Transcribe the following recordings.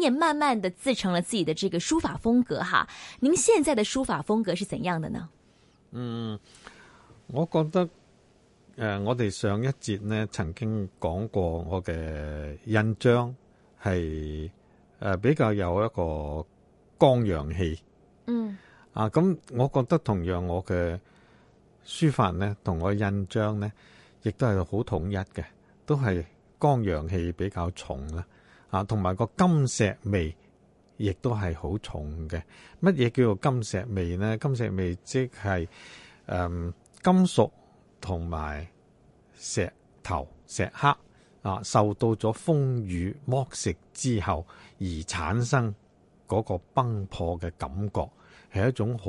也慢慢的自成了自己的這個書法風格哈，您現在的書法風格是怎樣的呢？嗯，我覺得誒、呃，我哋上一節呢曾經講過我嘅印章係誒、呃、比較有一個剛陽氣，嗯啊，咁、嗯、我覺得同樣我嘅書法呢同我印章呢亦都係好統一嘅，都係剛陽氣比較重啦。啊，同埋個金石味亦都係好重嘅。乜嘢叫做金石味咧？金石味即係誒金屬同埋石頭、石刻啊，受到咗風雨剝蝕之後而產生嗰個崩破嘅感覺，係一種好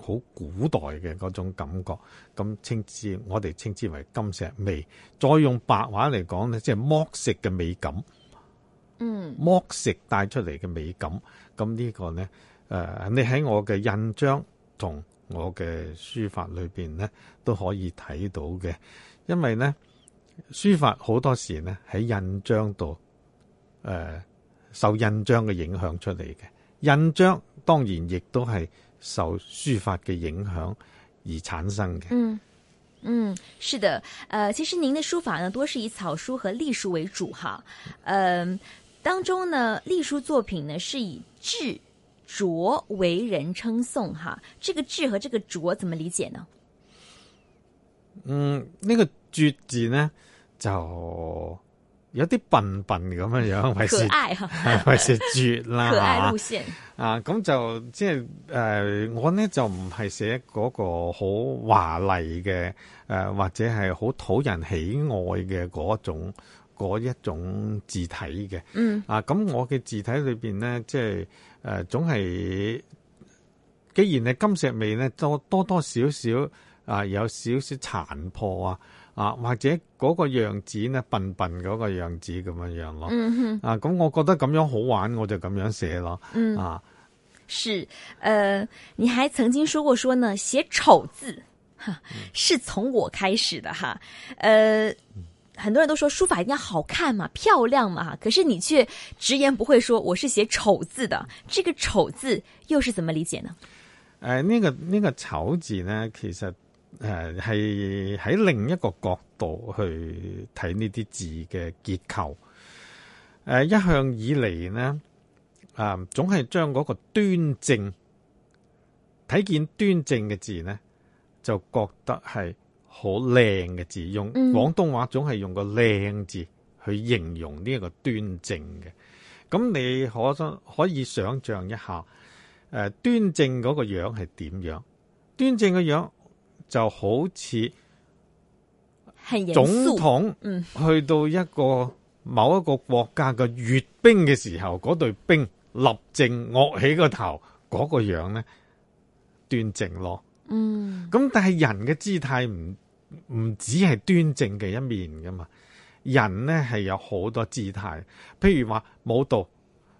好古代嘅嗰種感覺。咁稱之，我哋稱之為金石味。再用白話嚟講咧，即係剝蝕嘅美感。嗯，剝蝕帶出嚟嘅美感，咁呢個呢，誒、呃，你喺我嘅印章同我嘅書法裏邊咧，都可以睇到嘅。因為呢，書法好多時呢，喺印章度，誒、呃，受印章嘅影響出嚟嘅。印章當然亦都係受書法嘅影響而產生嘅。嗯嗯，是的，誒、呃，其實您的書法呢，多是以草書和隸書為主，哈、呃，嗯。當中呢隸書作品呢，是以智拙為人稱頌，哈，這個智和這個拙怎麼理解呢？嗯，呢、這個絕字呢就有啲笨笨咁樣樣，還是還是絕啦，可愛路線，啊咁就即係誒，我呢就唔係寫嗰個好華麗嘅誒、呃，或者係好討人喜愛嘅嗰種。嗰一種字體嘅，嗯、啊咁我嘅字體裏邊呢，即係誒總係，既然係金石味呢，就多，多多少少啊、呃、有少少殘破啊，啊或者嗰個樣子呢，笨笨嗰個樣子咁樣樣咯，嗯、哼啊咁我覺得咁樣好玩，我就咁樣寫咯，嗯、啊是，誒、呃，你還曾經說過，說呢寫醜字，哈，是從我開始的，哈，誒、呃。嗯很多人都說書法一定要好看嘛，漂亮嘛，可是你卻直言不諱說我是寫醜字的，這個醜字又是怎麼理解呢？誒，呢個呢個醜字呢，其實誒係喺另一個角度去睇呢啲字嘅結構。誒，一向以嚟呢，啊，總係將嗰個端正睇見端正嘅字呢，就覺得係。好靚嘅字用廣東話，總係用個靚字去形容呢一個端正嘅。咁你可想可以想象一下，誒，端正個樣係點樣？端正嘅樣就好似係總統去到一個某一個國家嘅閱兵嘅時候，嗰隊兵立正，惡起個頭，嗰個樣咧，端正咯。嗯，咁但係人嘅姿態唔唔只係端正嘅一面噶嘛？人咧係有好多姿態，譬如話舞蹈，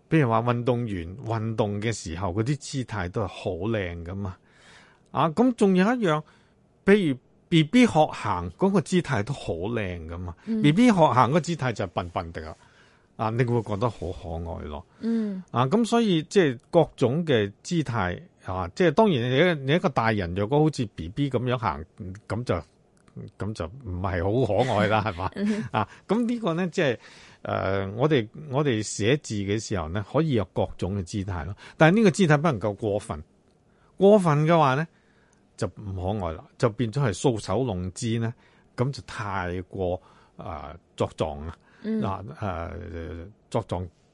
譬如話運動員運動嘅時候嗰啲姿態都係好靚噶嘛。啊，咁仲有一樣，譬如 B B 學行嗰個姿態都好靚噶嘛。嗯、B B 學行個姿態就係笨笨哋啊，啊你會覺得好可愛咯。嗯，啊咁所以即係各種嘅姿態。啊！即係當然你，你一個大人，若果好似 B B 咁樣行，咁就咁就唔係好可愛啦，係嘛？ 啊！咁呢個咧，即係誒、呃，我哋我哋寫字嘅時候咧，可以有各種嘅姿態咯。但係呢個姿態不能夠過分，過分嘅話咧，就唔可愛啦，就變咗係搔首弄姿咧，咁就太過、呃作嗯、啊、呃、作狀啊嗱啊作狀。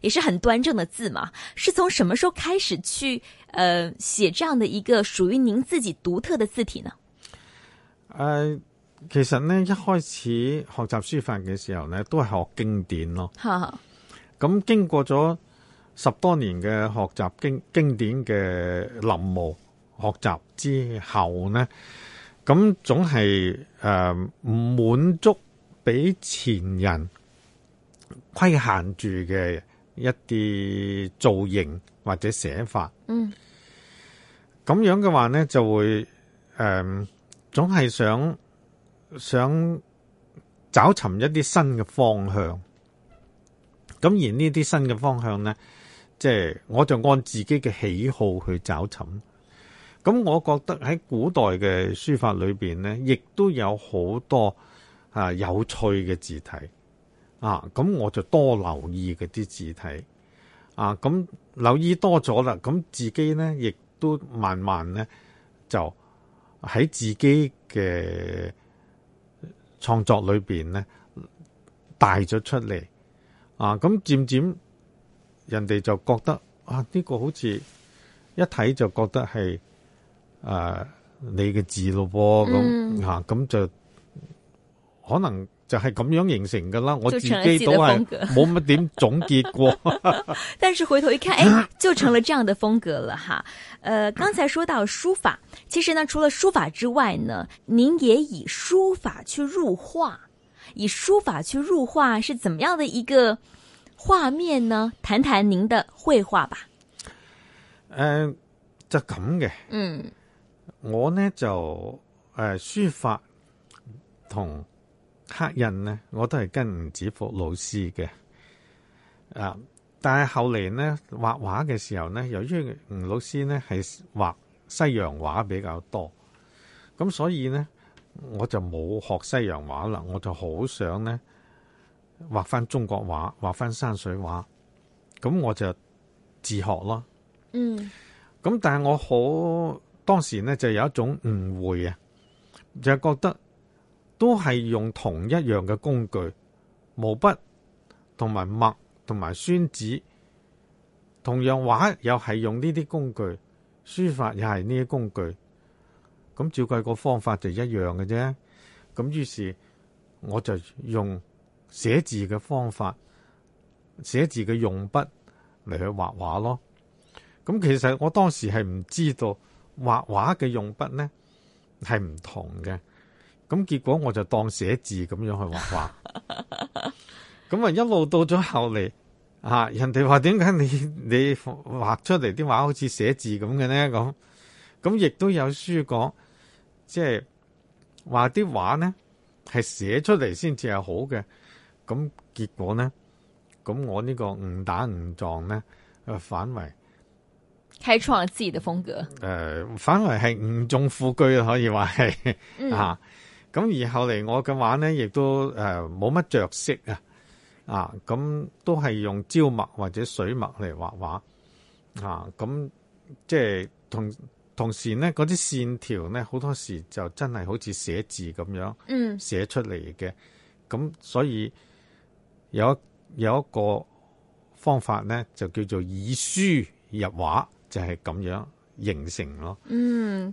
也是很端正的字嘛？是從什麼時候開始去，誒、呃、寫這樣的一個屬於您自己獨特的字體呢？誒、呃，其實呢，一開始學習書法嘅時候呢，都係學經典咯。咁好、嗯、經過咗十多年嘅學習經經典嘅臨摹學習之後呢，咁、嗯、總係誒唔滿足俾前人規限住嘅。一啲造型或者寫法，嗯，咁樣嘅話咧，就會誒、呃，總係想想找尋一啲新嘅方向。咁而呢啲新嘅方向咧，即係我就按自己嘅喜好去找尋。咁我覺得喺古代嘅書法裏面咧，亦都有好多啊有趣嘅字體。啊，咁我就多留意嗰啲字體，啊，咁留意多咗啦，咁自己咧亦都慢慢咧就喺自己嘅創作裏邊咧帶咗出嚟，啊，咁漸漸人哋就覺得，啊，呢個好似一睇就覺得係誒你嘅字咯噃，咁啊，咁、嗯啊、就可能。就係咁樣形成噶啦，自的我自己都係冇乜點總結過。 但是回頭一看、 哎，就成了這樣的風格了哈。呃，剛才說到書法，其實呢，除了書法之外呢，您也以書法去入畫，以書法去入畫是怎麼樣的一個畫面呢？談談您的繪畫吧。誒、呃，就咁嘅，嗯，我呢就誒、呃、書法同，刻印呢，我都係跟吳子復老師嘅，啊！但係後嚟呢，畫畫嘅時候呢，由於吳老師呢係畫西洋畫比較多，咁所以呢，我就冇學西洋畫啦，我就好想呢，畫翻中國畫，畫翻山水畫，咁我就自學咯。嗯。咁但係我好當時呢，就有一種誤會啊，就覺得。都係用同一樣嘅工具，毛筆同埋墨同埋宣紙，同樣畫又係用呢啲工具，書法又係呢啲工具，咁照計個方法就一樣嘅啫。咁於是我就用寫字嘅方法，寫字嘅用筆嚟去畫畫咯。咁其實我當時係唔知道畫畫嘅用筆呢係唔同嘅。咁結果我就當寫字咁樣去畫畫，咁啊 一路到咗後嚟，人哋話點解你你畫出嚟啲畫好似寫字咁嘅咧？咁咁亦都有書講，即係話啲畫咧係寫出嚟先至係好嘅。咁結果咧，咁我個誤誤呢個誤打誤撞咧，啊，反為開創自己嘅風格。誒、呃、反為係誤中副車，可以話係咁而後嚟我嘅畫咧，亦都誒冇乜着色啊！啊，咁都係用焦墨或者水墨嚟畫畫啊！咁即係同同時咧，嗰啲線條咧，好多時就真係好似寫字咁樣，嗯，寫出嚟嘅。咁所以有有一個方法咧，就叫做以書入畫，就係咁樣形成咯。嗯。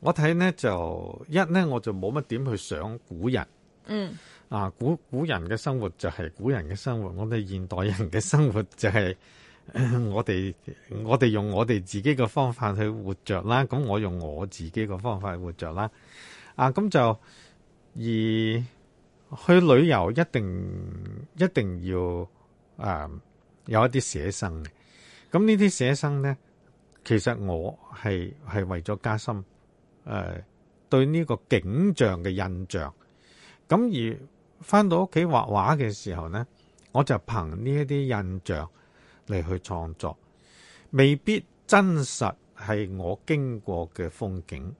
我睇咧就一咧，我就冇乜點去想古人，嗯啊古古人嘅生活就係古人嘅生活。我哋現代人嘅生活就係、是嗯、我哋我哋用我哋自己嘅方法去活着啦。咁我用我自己嘅方法去活着啦。啊，咁就而去旅遊一定一定要誒、啊、有一啲寫生嘅。咁呢啲寫生咧，其實我係係為咗加深。誒，對呢個景象嘅印象咁，而翻到屋企畫畫嘅時候呢，我就憑呢一啲印象嚟去創作，未必真實係我經過嘅風景。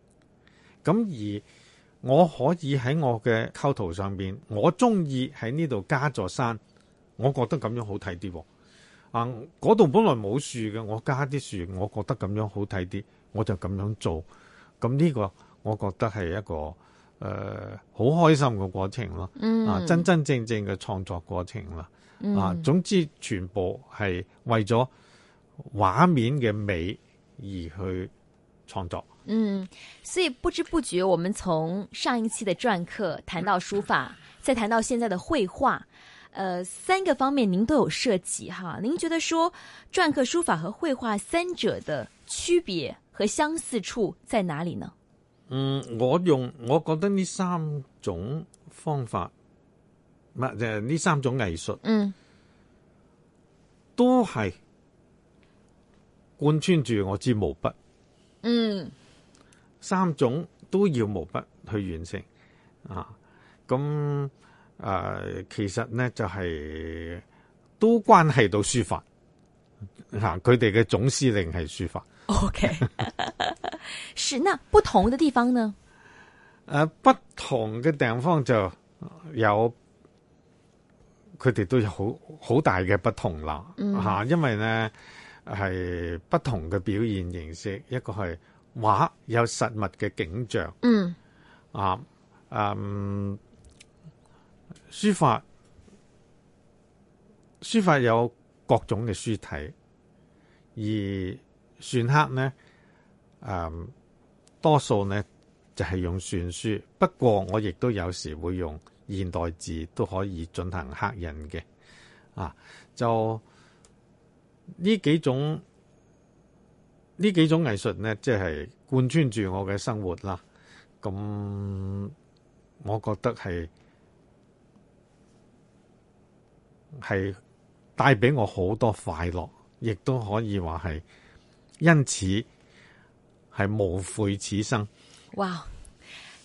咁而我可以喺我嘅構圖上邊，我中意喺呢度加座山，我覺得咁樣好睇啲。啊，嗰度本來冇樹嘅，我加啲樹，我覺得咁樣好睇啲，我就咁樣做。咁呢個我覺得係一個誒好、呃、開心嘅過程咯，嗯、啊真真正正嘅創作過程啦，嗯、啊總之全部係為咗畫面嘅美而去創作。嗯，所以不知不覺，我們從上一期的篆刻談到書法，嗯、再談到現在的繪畫，呃、三個方面您都有涉及哈。您覺得說篆刻、書法和繪畫三者的區別，和相似處在哪裡呢？嗯，我用我覺得呢三種方法，唔係呢三種藝術，嗯，都係貫穿住我支毛筆，嗯，三種都要毛筆去完成啊。咁誒、呃，其實呢就係、是、都關係到書法，吓佢哋嘅總司令係書法。O Okay . K， 是，那不同嘅地方呢？誒、呃，不同嘅地方就有佢哋都有好好大嘅不同啦吓、嗯啊，因為呢係不同嘅表現形式，一個係畫有實物嘅景象，嗯啊，誒、嗯，書法書法有各種嘅書體，而篆刻呢嗯，多數呢就係、是、用篆書，不過我亦都有時會用現代字都可以進行刻印嘅啊。就呢幾種呢幾種藝術呢即係貫穿住我嘅生活啦。咁我覺得係係帶俾我好多快樂，亦都可以話係。因此係無悔此生哇。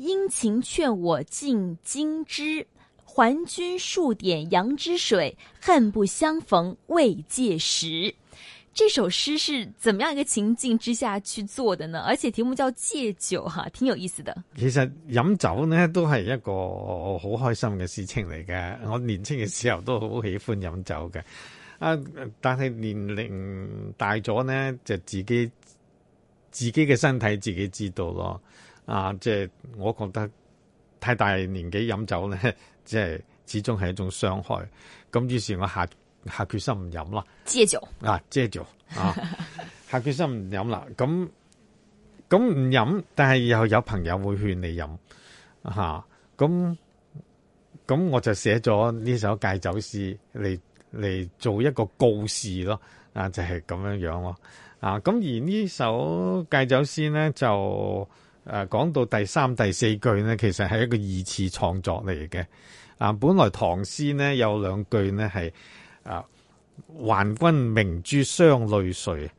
殷勤勸我盡金樽，還君數點楊枝水。恨不相逢未戒時。這首詩是怎麼樣一個情境之下去做的呢？而且題目叫戒酒，哈，挺有意思的。其實飲酒呢，都係一個好開心嘅事情嚟嘅。我年輕嘅時候都好喜歡飲酒嘅，啊，但係年齡大咗呢，就自己自己嘅身體自己知道咯。啊，即係我覺得太大年紀飲酒咧，即係始終係一種傷害。咁於是我下下決心唔飲啦，戒酒啊，戒酒啊，下決心唔飲啦。咁咁唔飲，但係又有朋友會勸你飲吓。咁、啊、咁我就寫咗呢首戒酒詩嚟嚟做一個告示咯。啊，就係咁樣樣咯。啊，咁而呢首戒酒詩咧就。誒、啊、講到第三、第四句呢，其實係一個二次創作嚟嘅。啊，本來唐詩呢，有兩句呢係啊，還君明珠雙淚垂，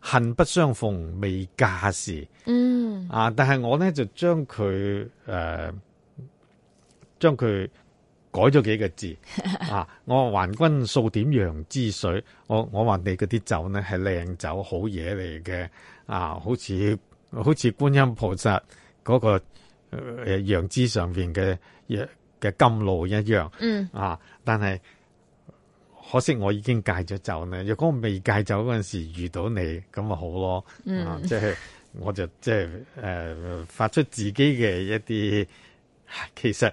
恨不相逢未嫁時。嗯。啊，但係我呢，就將佢誒將佢改咗幾個字 啊。我還君數點楊之水，我我話你嗰啲酒呢係靚酒好嘢嚟嘅啊，好似～好似觀音菩薩嗰、那個誒楊枝上邊嘅嘅甘露一樣，嗯、啊！但係可惜我已經戒咗酒咧。若果我未戒酒嗰陣時遇到你，咁咪好咯。即係、嗯啊就是、我就即係誒，發出自己嘅一啲，其實。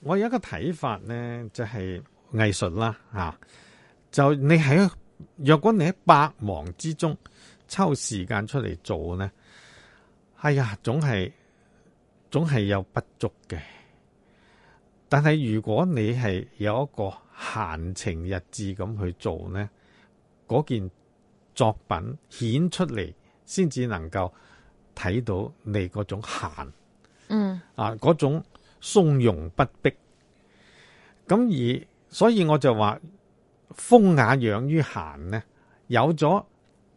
我有一個睇法咧，就係藝術啦，吓、啊、就你喺若果你喺百忙之中抽時間出嚟做咧，哎呀，總係總係有不足嘅。但係如果你係有一個閒情逸致咁去做咧，嗰件作品顯出嚟，先至能夠睇到你嗰種閒，嗯啊嗰種。從容不迫，咁而所以我就話風雅養於閒呢，有咗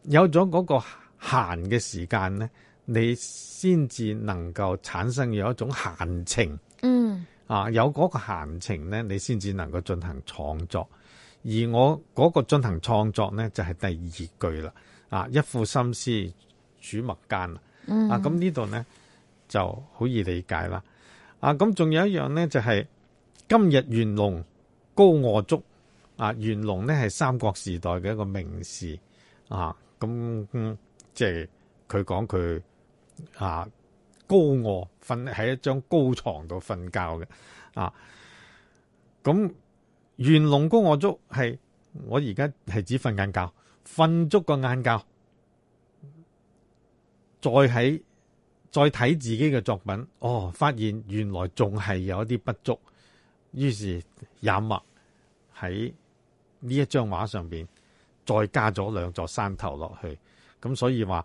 有咗嗰個閒嘅時間呢，你先至能夠產生有一種閒情，嗯啊，有嗰個閒情呢，你先至能夠進行創作，而我嗰個進行創作呢，就係、是、第二句啦，啊，一副心思煮墨間啊，咁呢度呢就好易理解啦。啊，咁仲有一樣咧，就係、是、今日元龍高卧足。啊，元龍咧係三國時代嘅一個名士。啊，咁即係佢講佢啊高卧瞓喺一張高床度瞓覺嘅。啊，咁元龍高卧、啊、足係我而家係指瞓晏覺，瞓足個晏覺，再喺。再睇自己嘅作品，哦，發現原來仲係有一啲不足，於是也默喺呢一張畫上邊，再加咗兩座山頭落去，咁所以話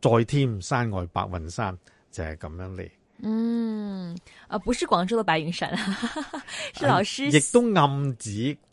再添山外白雲山就係咁樣嚟。嗯，啊，不是廣州的白雲山， 是老師亦都暗指。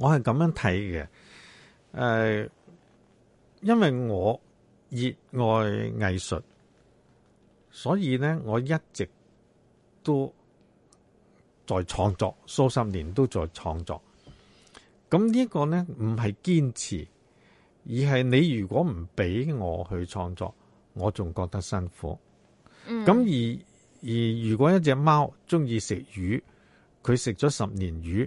我係咁樣睇嘅，誒、呃，因為我熱愛藝術，所以咧我一直都在創作，數十年都在創作。咁呢個咧唔係堅持，而係你如果唔俾我去創作，我仲覺得辛苦。嗯。咁而而如果一隻貓中意食魚，佢食咗十年魚。